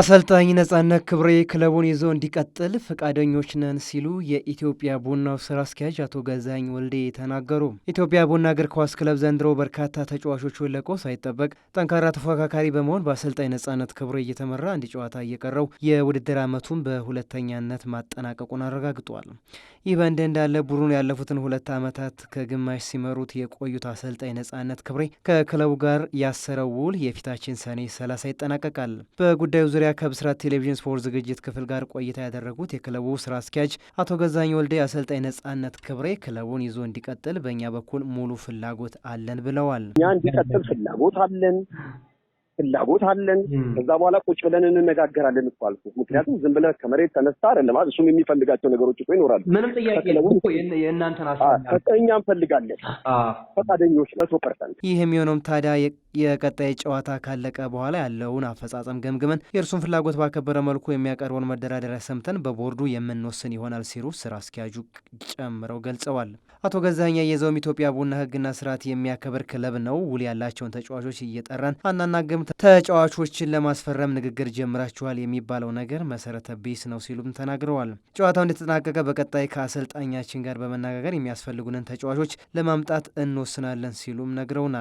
አሰልጣኝ ነጻነት ክብሬ ክለቡን ይዞ እንዲቀጥል ፈቃደኞች ነን ሲሉ የኢትዮጵያ ቡናው ስራ አስኪያጅ አቶ ገዛኝ ወልዴ ተናገሩ። ኢትዮጵያ ቡና እግር ኳስ ክለብ ዘንድሮ በርካታ ተጫዋቾቹን ለቆ ሳይጠበቅ ጠንካራ ተፎካካሪ በመሆን በአሰልጣኝ ነጻነት ክብሬ እየተመራ አንድ ጨዋታ እየቀረው የውድድር ዓመቱን በሁለተኛነት ማጠናቀቁን አረጋግጧል። ይህ በእንዲህ እንዳለ ቡድኑን ያለፉትን ሁለት ዓመታት ከግማሽ ሲመሩት የቆዩት አሰልጣኝ ነጻነት ክብሬ ከክለቡ ጋር ያሰረው ውል የፊታችን ሰኔ ሰላሳ ይጠናቀቃል። በጉዳዩ ዙሪያ ዙሪያ ከብስራት ቴሌቪዥን ስፖርት ዝግጅት ክፍል ጋር ቆይታ ያደረጉት የክለቡ ስራ አስኪያጅ አቶ ገዛኝ ወልደ የአሰልጣኝ ነጻነት ክብሬ ክለቡን ይዞ እንዲቀጥል በእኛ በኩል ሙሉ ፍላጎት አለን ብለዋል። እኛ እንዲቀጥል ፍላጎት አለን ፍላጎት አለን። ከዛ በኋላ ቁጭ ብለን እንነጋገራለን እኮ አልኩ። ምክንያቱም ዝም ብለህ ከመሬት ተነሳ አይደለም አይደል? እሱም የሚፈልጋቸው ነገሮች እኮ ይኖራሉ። ምንም ጥያቄ የእናንተን እኛ እንፈልጋለን። ፈቃደኞች መቶ ፐርሰንት። ይህ የሚሆነውም ታዲያ የቀጣይ ጨዋታ ካለቀ በኋላ ያለውን አፈጻጸም ገምግመን የእርሱን ፍላጎት ባከበረ መልኩ የሚያቀርበውን መደራደሪያ ሰምተን በቦርዱ የምንወስን ይሆናል ሲሉ ስራ አስኪያጁ ጨምረው ገልጸዋል። አቶ ገዛኛ አያይዘውም ኢትዮጵያ ቡና ሕግና ስርዓት የሚያከብር ክለብ ነው። ውል ያላቸውን ተጫዋቾች እየጠራን አናናግም። ተጫዋቾችን ለማስፈረም ንግግር ጀምራችኋል የሚባለው ነገር መሰረተ ቢስ ነው ሲሉም ተናግረዋል። ጨዋታው እንደተጠናቀቀ በቀጣይ ከአሰልጣኛችን ጋር በመነጋገር የሚያስፈልጉንን ተጫዋቾች ለማምጣት እንወስናለን ሲሉም ነግረውናል።